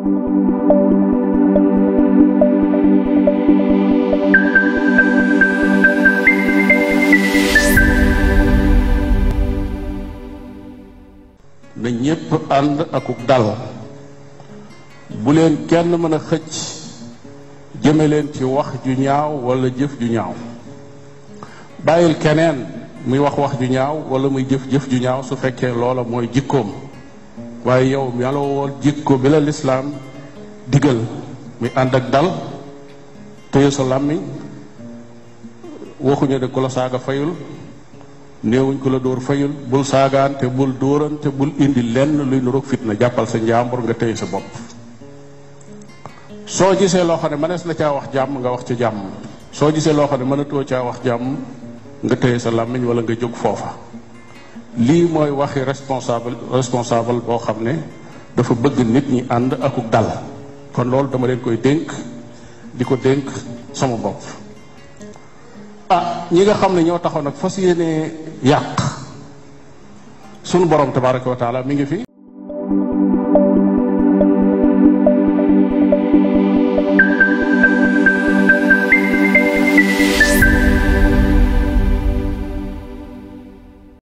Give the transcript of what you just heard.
na ñépp ànd akuk dal bu leen kenn mën a xëcc jëme leen ci wax ju ñaaw wala jëf ju ñaaw bàyyil keneen muy wax wax ju ñaaw wala muy jëf jëf ju ñaaw su fekkee loola mooy jikkoom waaye yow yàlla woo jikko bi la lislaam digal mi ànd ak dal téye sa làmmiñ waxuñu de ku la saaga fayul néewuñ ko la dóor fayul bul saagaante bul dóorante bul indi lenn luy nuroog fitna jàppal sa njàmbur nga téye sa bopp soo gisee loo xam ne mënees na caa wax jàmm nga wax ca jàmm soo gisee loo xam ne mënatoo caa wax jàmm nga téye sa làmmiñ wala nga jóg foofa lii mooy waxi responsable responsable boo xam ne dafa bëgg nit ñi ànd akuk dal kon loolu dama leen koy dénk di ko dénk sama bopp ah ñi nga xam ne ñoo taxaw nag fas yéene yàq sunu borom tabaraka wa taala mi ngi fi